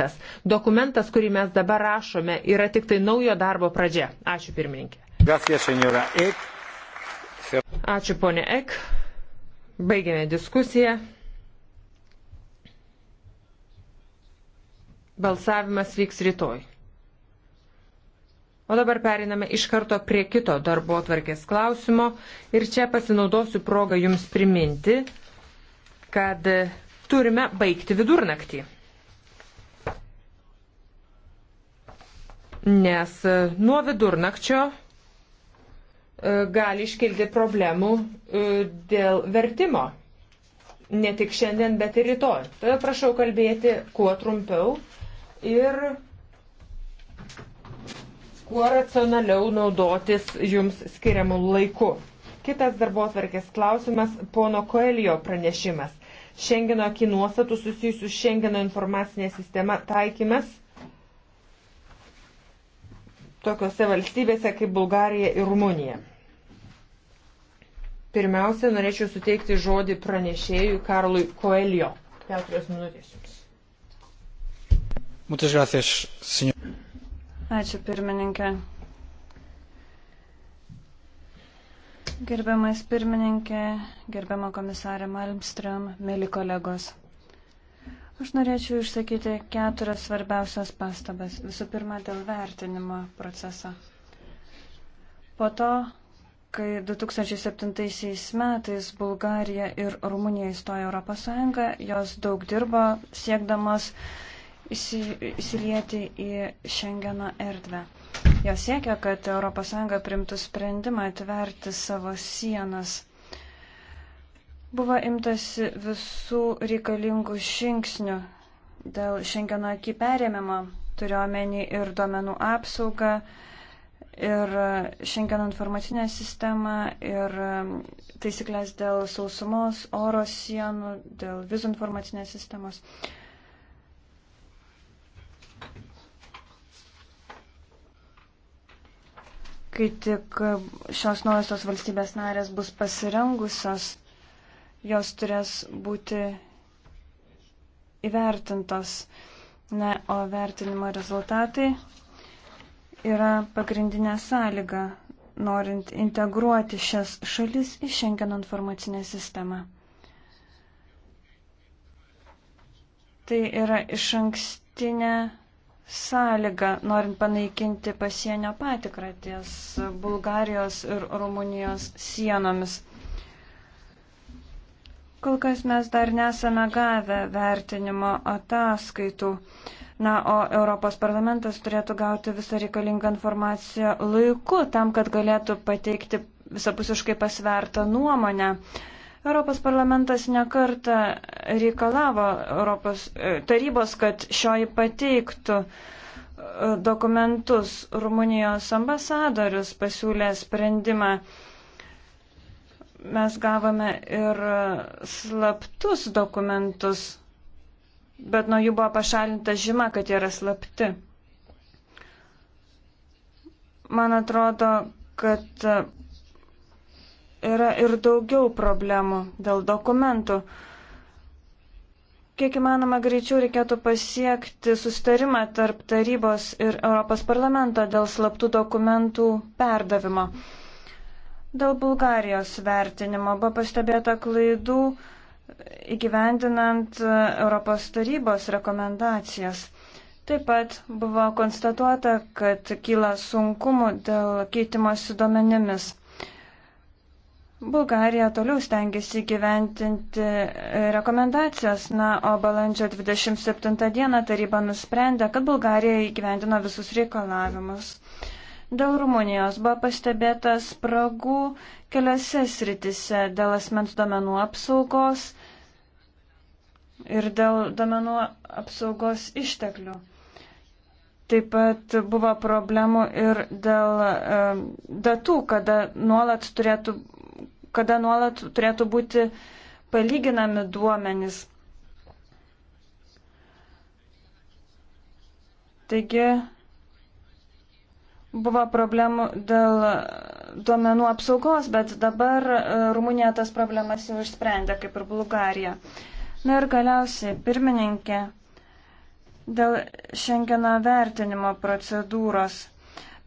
Tas dokumentas, kurį mes dabar rašome, yra tik tai naujo darbo pradžia. Ačiū pirmininkė. Gracias, Ačiū ponė Ek. Baigėme diskusiją. Balsavimas vyks rytoj. O dabar periname iš karto prie kito darbo atvarkės klausimo ir čia pasinaudosiu progą jums priminti, kad turime baigti vidurnaktį. nes e, nuo vidurnakčio e, gali iškilti problemų e, dėl vertimo. Ne tik šiandien, bet ir rytoj. Todėl prašau kalbėti kuo trumpiau ir kuo racionaliau naudotis jums skiriamų laiku. Kitas darbo atvarkės klausimas - pono Koelio pranešimas. Šengeno akinuostatų susijusių Šengeno informacinė sistema taikymas tokiuose valstybėse kaip Bulgarija ir Rumunija. Pirmiausia, norėčiau suteikti žodį pranešėjui Karlui Koelio. Keturios minutės jums. Muchas gracias, senor. Ačiū pirmininkė. Gerbiamas pirmininkė, gerbiama komisarė Malmström, mėly kolegos. Aš norėčiau išsakyti keturias svarbiausias pastabas. Visų pirma, dėl vertinimo proceso. Po to, kai 2007 metais Bulgarija ir Rumunija įstojo Europos Sąjungą, jos daug dirbo siekdamos įsilieti į Šengeno erdvę. Jos siekia, kad ES primtų sprendimą atverti savo sienas Buvo imtasi visų reikalingų žingsnių dėl šiandieno akį perėmimo, turiuomenį ir duomenų apsaugą, ir šiandieno informacinę sistemą, ir um, taisyklės dėl sausumos, oro sienų, dėl vizų informacinės sistemos. kai tik šios naujosios valstybės narės bus pasirengusios jos turės būti įvertintos. Na, o vertinimo rezultatai yra pagrindinė sąlyga, norint integruoti šias šalis į Šengeno informacinę sistemą. Tai yra iš ankstinė sąlyga, norint panaikinti pasienio patikrą ties Bulgarijos ir Rumunijos sienomis. Kol kas mes dar nesame gavę vertinimo ataskaitų. Na, o Europos parlamentas turėtų gauti visą reikalingą informaciją laiku, tam, kad galėtų pateikti visapusiškai pasvertą nuomonę. Europos parlamentas nekarta reikalavo Europos e, tarybos, kad šioji pateiktų e, dokumentus. Rumunijos ambasadorius pasiūlė sprendimą mes gavome ir slaptus dokumentus, bet nuo jų buvo pašalinta žyma, kad jie yra slapti. Man atrodo, kad yra ir daugiau problemų dėl dokumentų. Kiek įmanoma greičiau reikėtų pasiekti sustarimą tarp tarybos ir Europos parlamento dėl slaptų dokumentų perdavimo. Dėl Bulgarijos vertinimo buvo pastebėta klaidų įgyvendinant e, Europos tarybos rekomendacijas. Taip pat buvo konstatuota, kad kyla sunkumų dėl keitimosi duomenimis. Bulgarija toliau stengiasi įgyventinti e, rekomendacijas, na, o balandžio 27 dieną taryba nusprendė, kad Bulgarija įgyvendino visus reikalavimus. Dėl Rumunijos buvo pastebėta spragų keliose sritise dėl asmens domenų apsaugos ir dėl domenų apsaugos išteklių. Taip pat buvo problemų ir dėl e, datų, kada nuolat, turėtų, kada nuolat turėtų būti palyginami duomenys. Taigi, buvo problemų dėl duomenų apsaugos, bet dabar e, Rumunija tas problemas jau išsprendė, kaip ir Bulgarija. Na ir galiausiai, pirmininkė, dėl Šengeno vertinimo procedūros.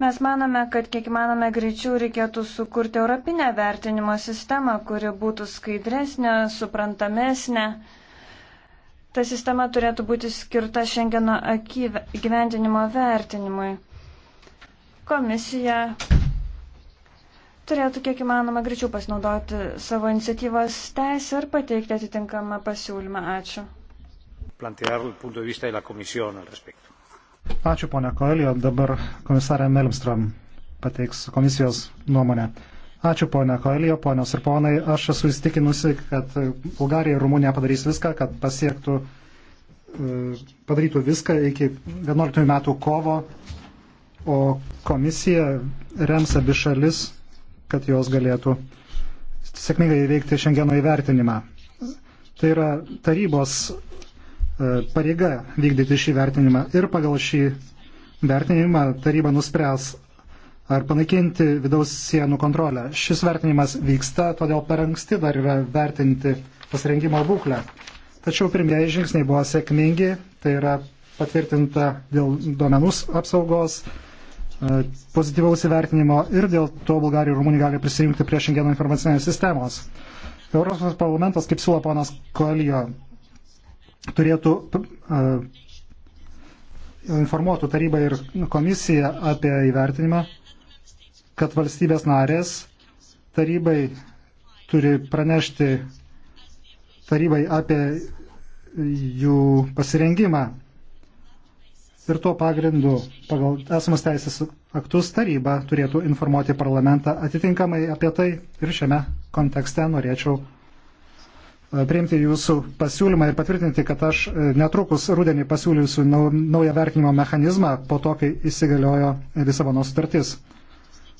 Mes manome, kad kiek manome greičiau reikėtų sukurti europinę vertinimo sistemą, kuri būtų skaidresnė, suprantamesnė. Ta sistema turėtų būti skirta Šengeno gyventinimo vertinimui komisija turėtų kiek įmanoma greičiau pasinaudoti savo iniciatyvos teisę ir pateikti atitinkamą pasiūlymą. Ačiū. Ačiū, ponia Koelio. Dabar komisarė Melmstrom pateiks komisijos nuomonę. Ačiū, ponia Koelio, ponios ir ponai. Aš esu įstikinusi, kad Bulgarija ir Rumunija padarys viską, kad pasiektų, e, padarytų viską iki 11 metų kovo o komisija rems abi šalis, kad jos galėtų sėkmingai įveikti šiandieno įvertinimą. Tai yra tarybos e, pareiga vykdyti šį vertinimą ir pagal šį vertinimą taryba nuspręs ar panaikinti vidaus sienų kontrolę. Šis vertinimas vyksta, todėl per anksti dar yra vertinti pasirengimo būklę. Tačiau pirmieji žingsniai buvo sėkmingi, tai yra patvirtinta dėl duomenų apsaugos, E, pozityvaus įvertinimo ir dėl to Bulgarija ir Rumunija gali prisijungti prie šiandieno informacinės sistemos. Europos parlamentas, kaip siūlo ponas Koelio, turėtų uh, informuotų tarybą ir komisiją apie įvertinimą, kad valstybės narės tarybai turi pranešti tarybai apie jų pasirengimą ir tuo pagrindu pagal esamas teisės aktus taryba turėtų informuoti parlamentą atitinkamai apie tai ir šiame kontekste norėčiau e, priimti jūsų pasiūlymą ir patvirtinti, kad aš e, netrukus rudenį pasiūlysiu naują vertinimo mechanizmą po to, kai įsigaliojo Lisabono sutartis.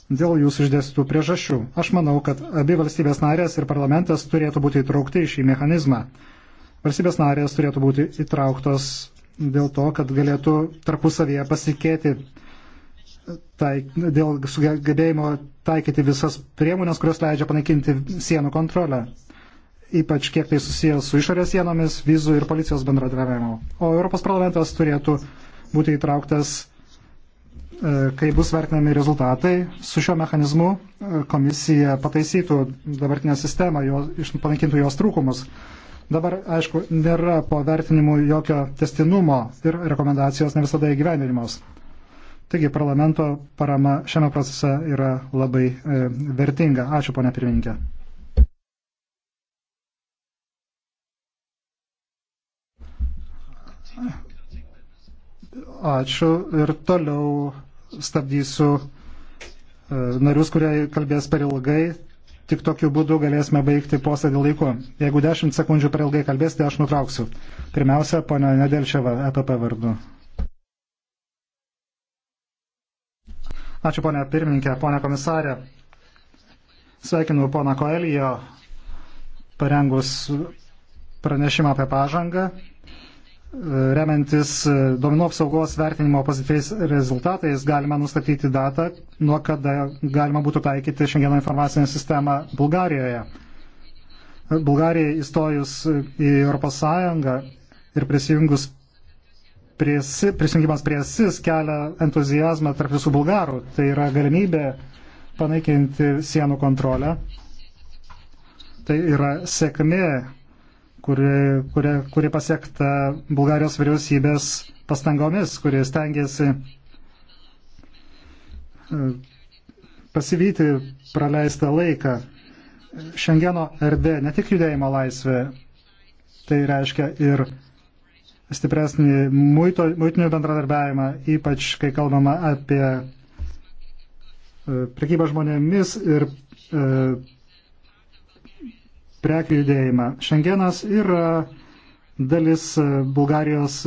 Dėl jūsų išdėstų priežasčių. Aš manau, kad abi valstybės narės ir parlamentas turėtų būti įtraukti į šį mechanizmą. Valstybės narės turėtų būti įtrauktos dėl to, kad galėtų tarpusavėje pasikėti taik, dėl sugebėjimo taikyti visas priemonės, kurios leidžia panaikinti sienų kontrolę. Ypač kiek tai susijęs su išorės sienomis, vizų ir policijos bendradarbiavimu. O Europos parlamentas turėtų būti įtrauktas, e, kai bus vertinami rezultatai. Su šiuo mechanizmu e, komisija pataisytų dabartinę sistemą, jo, panaikintų jos trūkumus. Dabar, aišku, nėra po vertinimų jokio testinumo ir rekomendacijos ne visada įgyvendinimos. Taigi parlamento parama šiame procese yra labai e, vertinga. Ačiū, ponia pirmininkė. Ačiū ir toliau stabdysiu e, narius, kurie kalbės per ilgai. Tik tokiu būdu galėsime baigti posėdį laiku. Jeigu 10 sekundžių per ilgai kalbėsite, aš nutrauksiu. Pirmiausia, ponia Nedelčiava, EPP vardu. Ačiū, ponia pirmininkė, ponia komisarė. Sveikinu poną Koelijo parengus pranešimą apie pažangą remiantis e, duomenų apsaugos vertinimo pozityviais rezultatais, galima nustatyti datą, nuo kada galima būtų taikyti šiandieną informacinę sistemą Bulgarijoje. Bulgarijai įstojus į ES ir prisijungus prie, prisijungimas prie SIS kelia entuzijazmą tarp visų bulgarų. Tai yra galimybė panaikinti sienų kontrolę. Tai yra sėkmė kuri, kuri, kuri pasiekta Bulgarijos vyriausybės pastangomis, kurie stengiasi e, pasivyti praleistą laiką. Šengeno erdvė ne tik judėjimo laisvė, tai reiškia ir stipresnį muito, muitinių bendradarbiavimą, ypač kai kalbama apie e, prekybą žmonėmis ir e, prekių judėjimą. Šengenas yra dalis Bulgarijos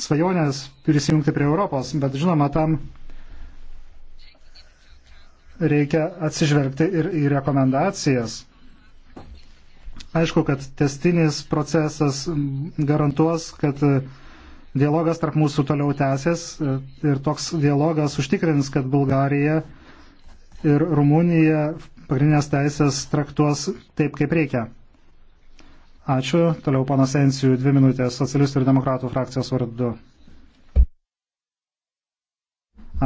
svajonės prisijungti prie Europos, bet žinoma, tam reikia atsižvelgti ir į rekomendacijas. Aišku, kad testinis procesas garantuos, kad dialogas tarp mūsų toliau tęsės ir toks dialogas užtikrins, kad Bulgarija ir Rumunija pagrindinės teisės traktuos taip, kaip reikia. Ačiū. Toliau panas Ensijų, dvi minutės, socialistų ir demokratų frakcijos vardu.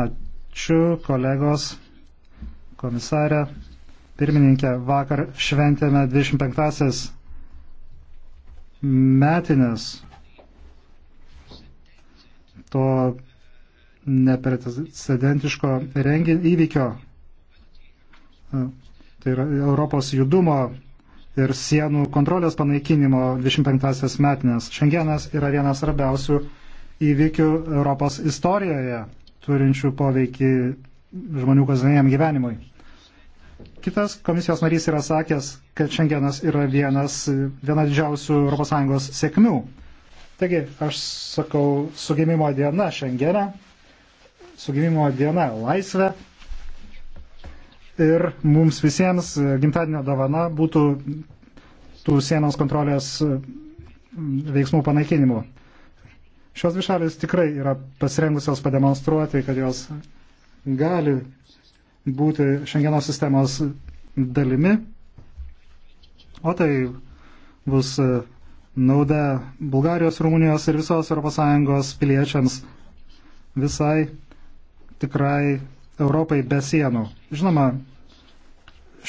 Ačiū, kolegos, komisarė, pirmininkė. Vakar šventėme 25-asis metinės to neprecedentiško įvykio tai yra Europos judumo ir sienų kontrolės panaikinimo 25-asias metinės. Šengenas yra vienas svarbiausių įvykių Europos istorijoje, turinčių poveikį žmonių kasdieniam gyvenimui. Kitas komisijos narys yra sakęs, kad Šengenas yra vienas, viena didžiausių ES sėkmių. Taigi, aš sakau, sugimimo diena Šengene, sugimimo diena laisvė ir mums visiems e, gimtadienio dovana būtų tų sienos kontrolės e, veiksmų panaikinimu. Šios dvi šalis tikrai yra pasirengusios pademonstruoti, kad jos gali būti šengeno sistemos dalimi, o tai bus e, nauda Bulgarijos, Rumunijos ir visos ES piliečiams visai tikrai Europai be sienų. Žinoma,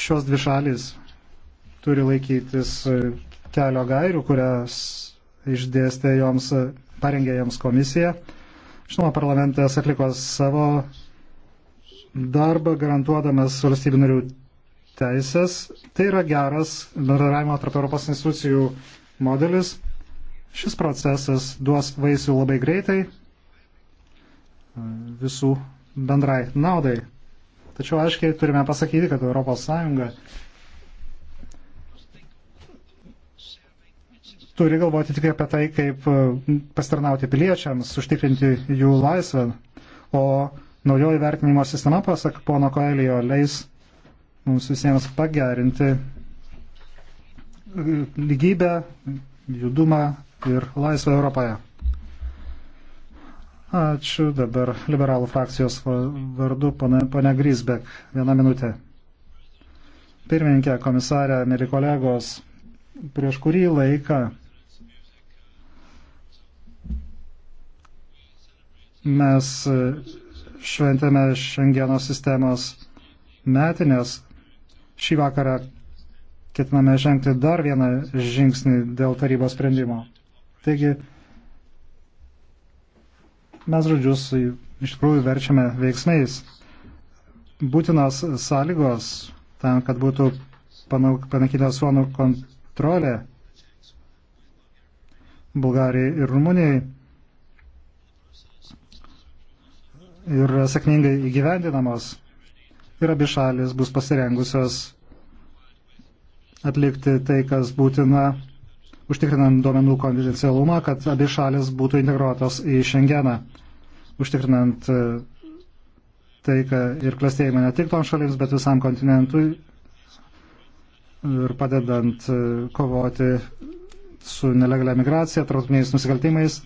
šios dvi šalis turi laikytis e, kelio gairių, kurias išdėstė joms, e, parengė joms komisija. Žinoma, parlamentas atliko savo darbą, garantuodamas valstybių narių teisės. Tai yra geras bendradarbiavimo tarp Europos institucijų modelis. Šis procesas duos vaisių labai greitai e, visų bendrai naudai. Tačiau aiškiai turime pasakyti, kad ES turi galvoti tik apie tai, kaip e, pasitarnauti piliečiams, užtikrinti jų laisvę. O naujoji vertinimo sistema, pasak pono Koelio, leis mums visiems pagerinti e, lygybę, judumą ir laisvę Europoje. Ačiū dabar liberalų frakcijos vardu, ponia Grisbek. Vieną minutę. Pirmininkė, komisarė, mėly kolegos, prieš kurį laiką mes šventėme Šengeno sistemos metinės. Šį vakarą ketiname žengti dar vieną žingsnį dėl tarybos sprendimo. Taigi mes žodžius iš tikrųjų verčiame veiksmais. Būtinos sąlygos tam, kad būtų panaikinta suomių kontrolė Bulgarijai ir Rumunijai ir sėkmingai įgyvendinamos ir abi šalis bus pasirengusios atlikti tai, kas būtina užtikrinant duomenų konfidencialumą, kad abi šalis būtų integruotos į Šengeną, užtikrinant e, taiką ir klastėjimą ne tik toms šalims, bet visam kontinentui ir padedant e, kovoti su nelegalia migracija, tarptautiniais nusikaltimais.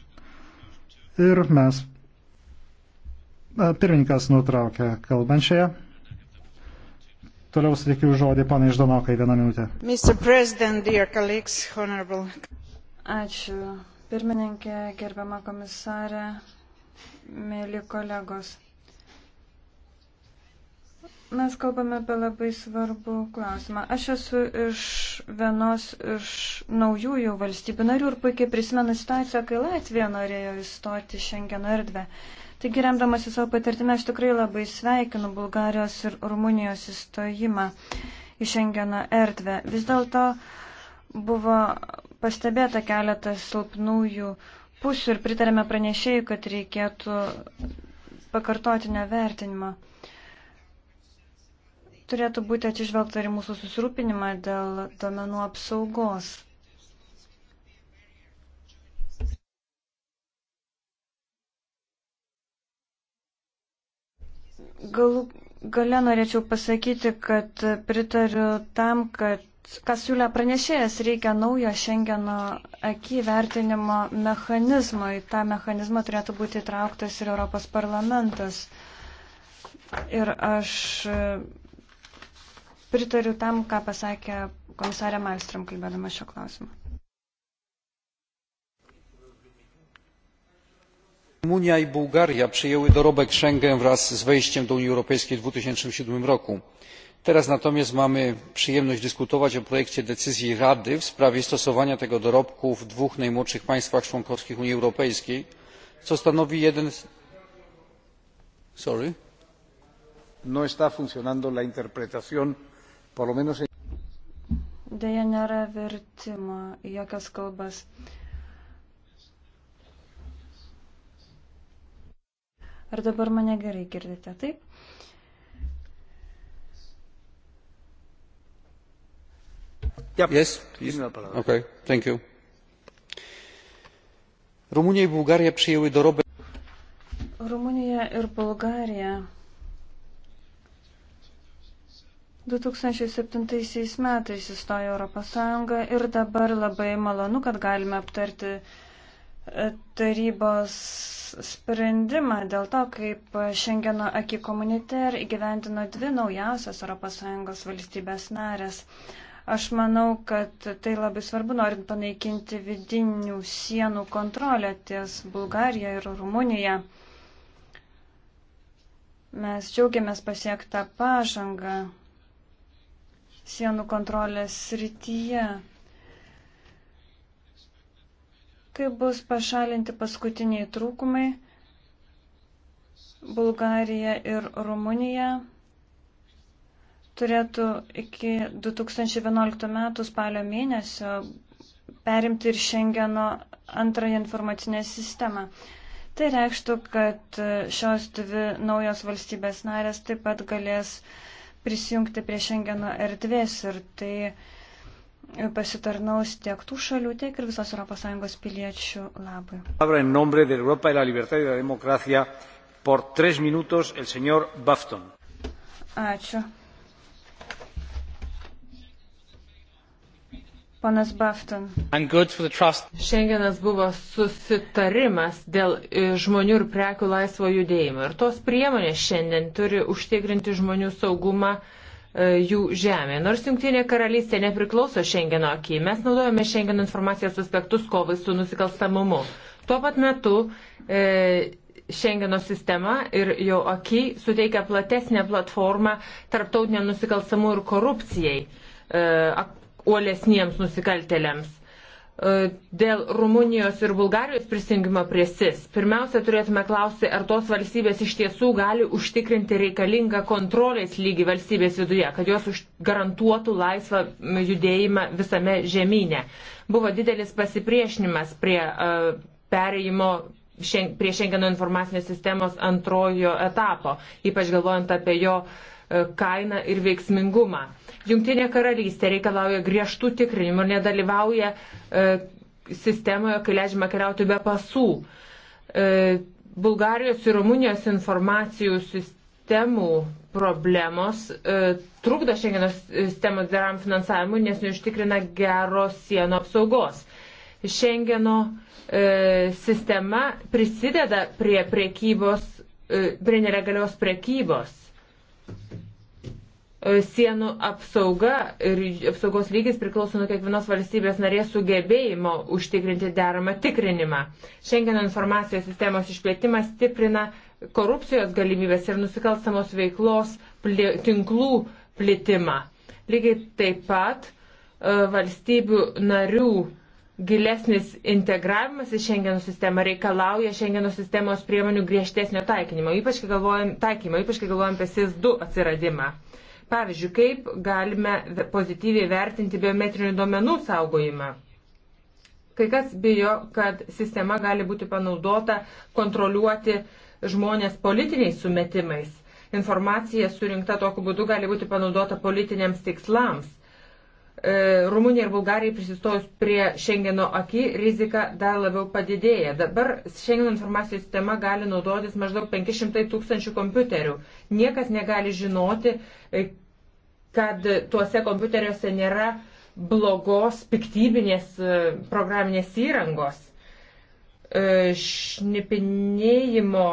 Ir mes pirmininkas nutraukė kalbančiąją. Toliau sveikiu žodį, pana Išdanokai, vieną minutę. Ačiū. Pirmininkė, gerbiama komisarė, mėly kolegos. Mes kalbame apie labai svarbų klausimą. Aš esu iš vienos iš naujųjų valstybių narių ir puikiai prisimenu situaciją, kai Latvija norėjo įstoti Šengeno erdvę. Taigi, remdamasi savo patirtimę, aš tikrai labai sveikinu Bulgarijos ir Rumunijos įstojimą į Šengeno erdvę. Vis dėlto buvo pastebėta keletas silpnųjų pusių ir pritarėme pranešėjai, kad reikėtų pakartotinio vertinimo. Uh, turėtų būti atsižvelgta ir mūsų susirūpinimą dėl domenų apsaugos. Galų gale norėčiau pasakyti, kad pritariu tam, kad kas siūlė pranešėjas, reikia naujo Šengeno akį vertinimo mechanizmo. Į tą mechanizmą turėtų būti įtrauktas ir Europos parlamentas. Ir aš Pritariu tam, ką pasakė komisarė Malstrom, kalbėdama šio klausimą. Rumunia i Bułgaria przyjęły dorobek Schengen wraz z wejściem do Unii Europejskiej w 2007 roku. Teraz natomiast mamy przyjemność dyskutować o projekcie decyzji Rady w sprawie stosowania tego dorobku w dwóch najmłodszych państwach członkowskich Unii Europejskiej, co stanowi jeden z... Sorry? No está funcionando la interpretación Por lo menos... Deja nėra vertimo į jokias kalbas. Ar dabar mane gerai girdite, taip? Yep. Yes, please. Okay, thank you. Rumunija ir Bulgarija priejau į dorobę. Rumunija ir Bulgarija 2007 metais įstojo Europos Sąjunga ir dabar labai malonu, kad galime aptarti e, tarybos sprendimą dėl to, kaip Šengeno aki komuniter įgyvendino dvi naujausias ES valstybės narės. Aš manau, kad tai labai svarbu, norint panaikinti vidinių sienų kontrolę ties Bulgarija ir Rumunija. Mes džiaugiamės pasiektą pažangą sienų kontrolės srityje. Kaip bus pašalinti paskutiniai trūkumai, Bulgarija ir Rumunija turėtų iki 2011 metų spalio mėnesio perimti ir Šengeno antrąją informacinę sistemą. Tai reikštų, kad šios dvi naujos valstybės narės taip pat galės uh, prisijungti prie Šengeno erdvės ir tai pasitarnaus tiek tų šalių, tiek ir visos ES piliečių labui. Ačiū. Panas Bafton. Šengenas buvo susitarimas dėl e, žmonių ir prekių laisvo judėjimo. Ir tos priemonės šiandien turi užtikrinti žmonių saugumą e, jų žemė. Nors Junktinė karalystė nepriklauso Šengeno akiai, mes naudojame Šengeno informacijos aspektus kovai su nusikalstamumu. Tuo pat metu e, Šengeno sistema ir jo akiai suteikia platesnę platformą tarptautiniam nusikalstamui ir korupcijai. E, uolesniems nusikaltelėms. E, dėl Rumunijos ir Bulgarijos prisijungimo prie SIS, pirmiausia, turėtume klausti, ar tos valstybės iš tiesų gali užtikrinti reikalingą kontrolės lygį valstybės viduje, kad jos garantuotų laisvą judėjimą visame žemynė. Buvo didelis pasipriešinimas prie uh, perėjimo prie Šengeno informacinės sistemos antrojo etapo, ypač galvojant apie jo uh, E, kainą ir veiksmingumą. Junktinė karalystė reikalauja griežtų tikrinimų ir nedalyvauja e, sistemoje, kai leidžiama keliauti be pasų. E, Bulgarijos ir Rumunijos informacijų sistemų problemos trukdo šiandienos sistemos geram finansavimui, nes neužtikrina geros sienų apsaugos. Šengeno e, sistema prisideda prie prekybos, e, prie nelegalios prekybos E, sienų apsauga ir apsaugos lygis priklauso nuo kiekvienos valstybės narės sugebėjimo užtikrinti deramą tikrinimą. Šengeno informacijos sistemos išplėtimas stiprina korupcijos galimybės ir nusikalstamos veiklos plė, tinklų plitimą. Lygiai taip pat e, valstybių narių gilesnis integravimas į Schengeno sistemą reikalauja Schengeno sistemos priemonių griežtesnio taikinimo, ypač kai galvojam, taikymo, ypač kai galvojam apie SIS 2 atsiradimą. Uh, Pavyzdžiui, kaip galime pozityviai vertinti biometrinių duomenų saugojimą. Kai kas bijo, kad sistema gali būti panaudota kontroliuoti žmonės politiniais sumetimais. Informacija surinkta tokiu būdu gali būti panaudota politiniams tikslams. E, Rumunija ir Bulgarija prisistojus prie Schengeno aki rizika dar labiau padidėja. Dabar Schengeno informacijos sistema gali naudotis maždaug 500 tūkstančių kompiuterių. Niekas negali žinoti, e, kad tuose kompiuteriuose nėra blogos, piktybinės e, programinės įrangos. Šnipinėjimo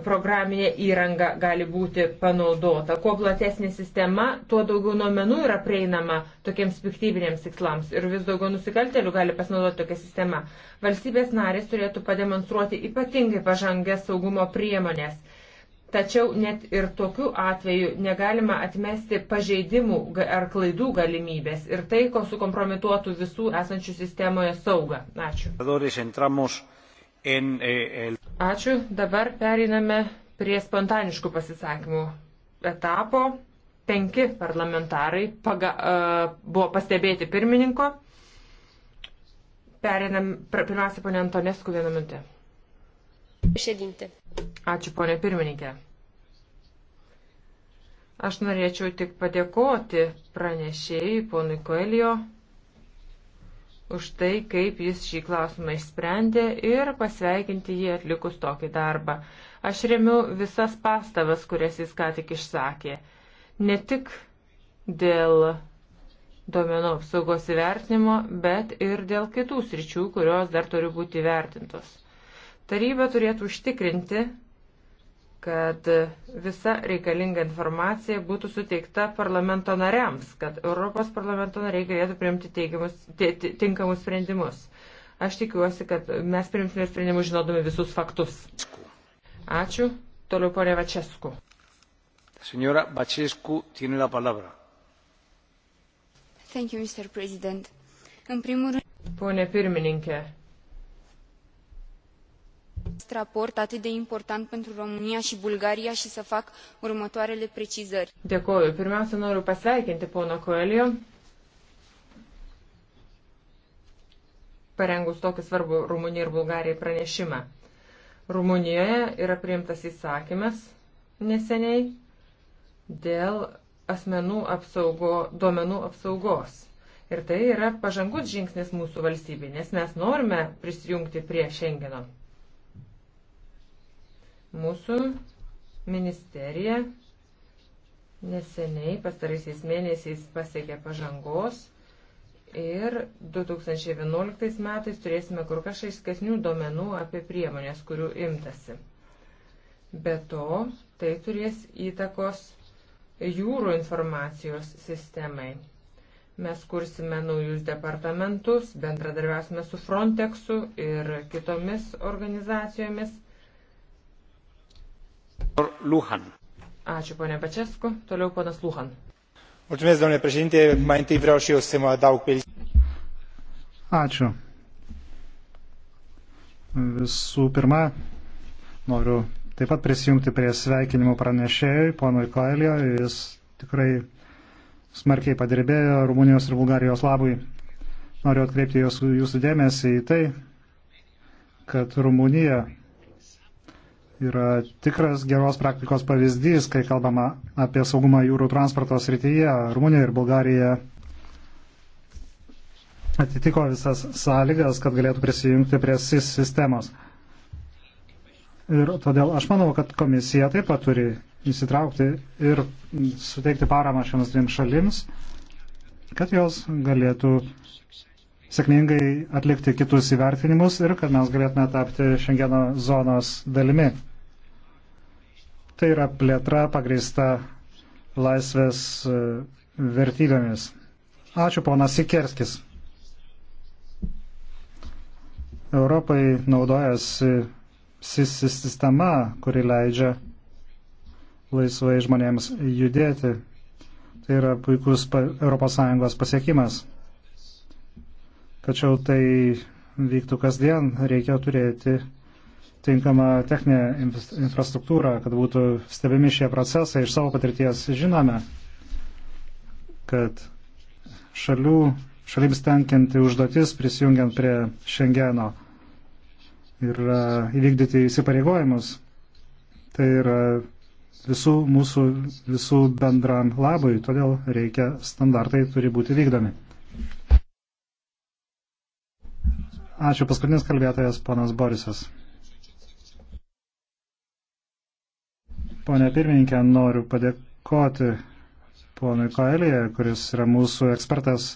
programinė įranga gali būti panaudota. Kuo platesnė sistema, tuo daugiau nuomenų yra prieinama tokiems piktybinėms tikslams ir vis daugiau nusikaltelių gali pasinaudoti tokią sistemą. Valstybės narės turėtų pademonstruoti ypatingai pažangęs saugumo priemonės. Tačiau net ir tokiu atveju negalima atmesti pažeidimų ar klaidų galimybės ir tai, ko sukompromituotų visų esančių sistemoje saugą. Ačiū. Ačiū. Dabar pereiname prie spontaniškų pasisakymų etapo. Penki parlamentarai paga, uh, buvo pastebėti pirmininko. Perinam, pr pirmiausia, ponė Antonesku, vieną minutę. Šedinti. Ačiū, ponė pirmininkė. Aš norėčiau tik padėkoti pranešėjai, ponui Koelio, už tai, kaip jis šį klausimą išsprendė ir pasveikinti jį atlikus tokį darbą. Aš remiu visas pastabas, kurias jis ką tik išsakė. Ne tik dėl duomenų apsaugos įvertinimo, bet ir dėl kitų sričių, kurios dar turi būti įvertintos. Taryba turėtų užtikrinti, kad visa reikalinga informacija būtų suteikta parlamento nariams, kad Europos parlamento nariai galėtų priimti teigiamus, t, t, tinkamus sprendimus. Aš tikiuosi, kad mes priimsime sprendimus žinodami visus faktus. Ačiū. Toliau ponė Vačesku. Senora Vačesku, tiene la palabra. Thank you, Mr. President. Primul... Pone pirmininkė, acest raport atât de important pentru România și Bulgaria și să fac următoarele precizări. Dėkoju. Pirmiausia, noriu pasveikinti pono Koelio. parengus tokį svarbų Rumunijai ir Bulgarijai pranešimą. Rumunijoje yra priimtas įsakymas neseniai dėl asmenų apsaugo, duomenų apsaugos. Ir tai yra pažangus žingsnis mūsų valstybė, nes mes norime prisijungti prie Šengeno Mūsų ministerija neseniai pastaraisiais mėnesiais pasiekė pažangos ir 2011 metais turėsime kur kas aiškesnių duomenų apie priemonės, kurių imtasi. Be to, tai turės įtakos jūrų informacijos sistemai. Mes kursime naujus departamentus, bendradarbiausime su Frontexu ir kitomis organizacijomis Luhan. Ačiū, ponė Pačesku. Toliau ponas Luhan. Mulțumesc, domnule președinte. Mai întâi vreau și eu să mă adaug pe... Ačiū. Visų pirma, noriu taip pat prisijungti prie sveikinimų pranešėjui, ponui Koelio. Jis tikrai smarkiai padirbėjo Rumunijos ir Bulgarijos labui. Noriu atkreipti jūsų, jūsų dėmesį į tai, kad Rumunija yra tikras geros praktikos pavyzdys, kai kalbama apie saugumą jūrų transporto srityje. Rumunija ir Bulgarija atitiko visas sąlygas, kad galėtų prisijungti prie SIS sistemos. Ir todėl aš manau, kad komisija taip pat turi įsitraukti ir suteikti paramą šiems dviem šalims, kad jos galėtų sėkmingai atlikti kitus įvertinimus ir kad mes galėtume tapti Šengeno zonos dalimi. Tai yra plėtra pagrįsta laisvės e, vertybėmis. Ačiū, ponas Sikerskis. Europai naudojasi sistema, kuri leidžia laisvai žmonėms judėti. Tai yra puikus ES pasiekimas. Tačiau tai vyktų kasdien, reikia turėti tinkamą techninę infrastruktūrą, kad būtų stebimi šie procesai. Iš savo patirties žinome, kad šalių, šalims tenkinti užduotis prisijungiant prie Šengeno ir įvykdyti įsipareigojimus. Tai yra visų mūsų, visų bendram labui, todėl reikia standartai turi būti vykdomi. Ačiū paskutinis kalbėtojas, ponas Borisas. Pone pirmininkė, noriu padėkoti ponui Koelėje, kuris yra mūsų ekspertas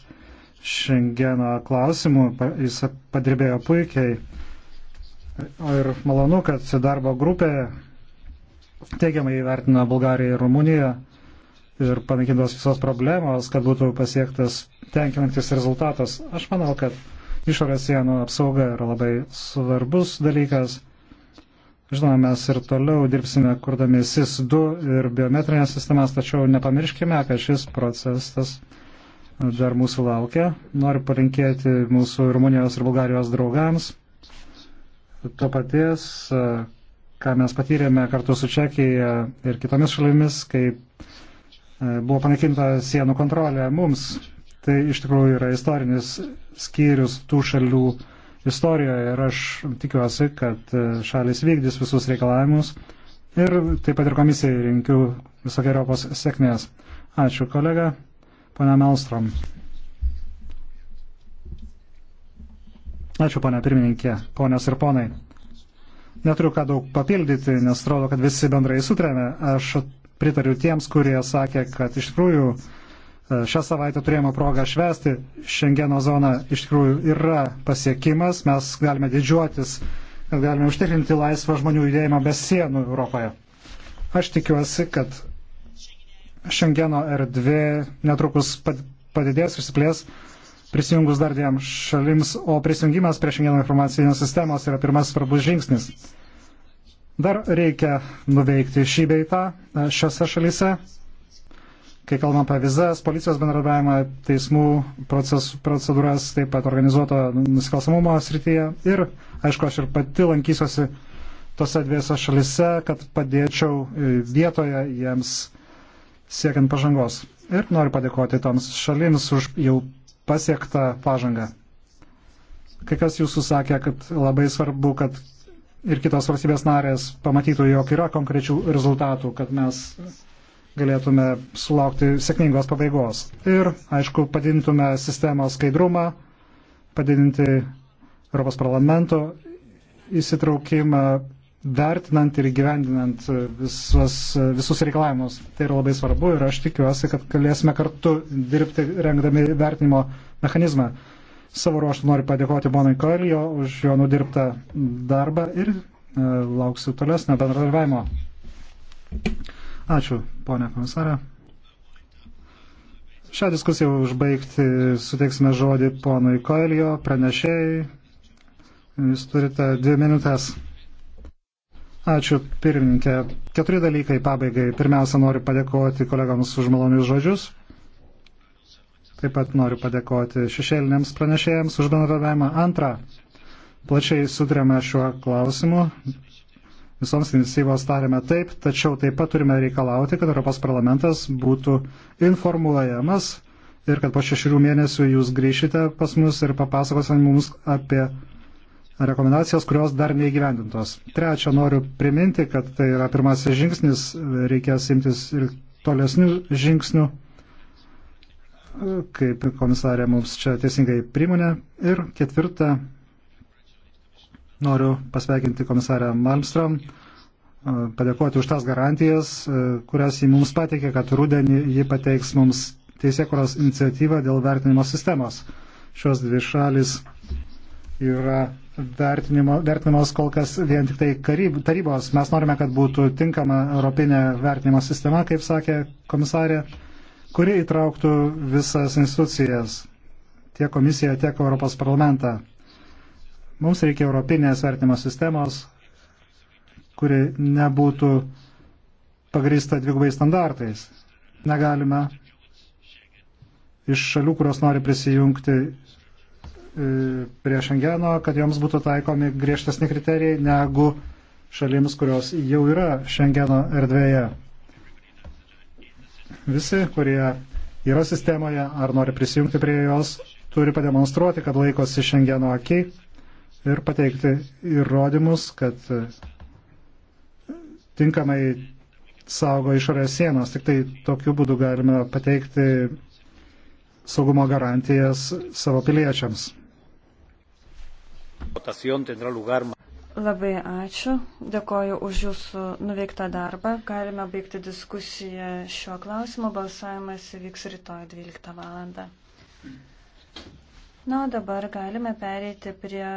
Šengeno klausimų. Jis padirbėjo puikiai. Ir malonu, kad darbo grupė teigiamai įvertina Bulgariją ir Rumuniją ir panaikintos visos problemos, kad būtų pasiektas tenkinantis rezultatas. Aš manau, kad išorės sienų apsauga yra labai svarbus dalykas Žinoma, mes ir toliau dirbsime, kurdami SIS-2 ir biometrinės sistemas, tačiau nepamirškime, kad šis procesas dar mūsų laukia. Noriu palinkėti mūsų Rumunijos ir Bulgarijos draugams to paties, ką mes patyrėme kartu su Čekija ir kitomis šalimis, kai e, buvo panaikinta sienų kontrolė mums. Tai iš tikrųjų yra istorinis skyrius tų šalių istorijoje ir aš tikiuosi, kad e, šalis vykdys visus reikalavimus ir taip pat ir komisijai rinkiu visokiojopos sėkmės. Ačiū kolega, pana Melstrom. Ačiū, ponia pirmininkė, ponios ir ponai. Neturiu ką daug papildyti, nes atrodo, kad visi bendrai sutrėmė. Aš pritariu tiems, kurie sakė, kad iš tikrųjų E, šią savaitę turėjome progą švesti. Šengeno zona iš tikrųjų yra pasiekimas. Mes galime didžiuotis, kad galime užtikrinti laisvą žmonių judėjimą be sienų Europoje. Aš tikiuosi, kad Šengeno erdvė netrukus padidės, išsiplės prisijungus dar dviem šalims, o prisijungimas prie Šengeno informacinės sistemos yra pirmas svarbus žingsnis. Dar reikia nuveikti šį beitą e, šiose šalyse, Kai kalbam apie vizas, policijos bendradarbiavimą, teismų proces, procedūras, taip pat organizuoto nusikalstamumo srityje. Ir, aišku, aš ir pati lankysiuosi tose dviese šalise, kad padėčiau e, vietoje jiems siekiant pažangos. Ir noriu padėkoti toms šalims už jau pasiektą pažangą. Kai kas jūsų sakė, kad labai svarbu, kad ir kitos valstybės narės pamatytų, jog yra konkrečių rezultatų, kad mes galėtume sulaukti sėkmingos pabaigos. Ir, aišku, padidintume sistemos skaidrumą, padidinti Europos parlamento įsitraukimą, vertinant ir gyvendinant visus, visus reikalavimus. Tai yra labai svarbu ir aš tikiuosi, kad galėsime kartu dirbti rengdami vertinimo mechanizmą. Savo ruoštų noriu padėkoti Bonai Korijo už jo nudirbtą darbą ir e, lauksiu tolesnio bendradarbiavimo. Ačiū, ponė komisarė. Šią diskusiją užbaigti suteiksime žodį ponui Koelio, pranešėjai. Jūs turite dvi minutės. Ačiū, pirmininkė. Keturi dalykai pabaigai. Pirmiausia, noriu padėkoti kolegams už malonius žodžius. Taip pat noriu padėkoti šešėliniams pranešėjams už bendradavimą. Antra, plačiai sutrėme šiuo klausimu visoms iniciatyvos tarėme taip, tačiau taip pat turime reikalauti, kad Europos parlamentas būtų informuojamas ir kad po šešių mėnesių jūs grįšite pas mus ir papasakosite mums apie rekomendacijas, kurios dar neįgyvendintos. Trečia, noriu priminti, kad tai yra pirmasis žingsnis, reikės imtis ir tolesnių žingsnių, kaip komisarė mums čia teisingai primonė. Ir ketvirta, Noriu pasveikinti komisarę Malmström, e, padėkoti už tas garantijas, e, kurias ji mums pateikė, kad rudenį ji pateiks mums teisėkuros iniciatyvą dėl vertinimo sistemos. Šios dvi šalis yra vertinamos kol kas vien tik tai karyb, tarybos. Mes norime, kad būtų tinkama europinė vertinimo sistema, kaip sakė komisarė, kuri įtrauktų visas institucijas, tiek komisiją, tiek Europos parlamentą. Mums reikia europinės vertimo sistemos, kuri nebūtų pagrįsta dvigubai standartais. Negalime iš šalių, kurios nori prisijungti e, prie Šengeno, kad joms būtų taikomi griežtesni kriterijai negu šalims, kurios jau yra Šengeno erdvėje. Visi, kurie yra sistemoje ar nori prisijungti prie jos, turi pademonstruoti, kad laikosi Šengeno akiai ir pateikti įrodymus, kad tinkamai saugo išorės sienos. Tik tai tokiu būdu galime pateikti saugumo garantijas savo piliečiams. Labai ačiū. Dėkoju už Jūsų nuveiktą darbą. Galime baigti diskusiją šiuo klausimu. Balsavimas vyks rytoj 12 val. Na, o dabar galime pereiti prie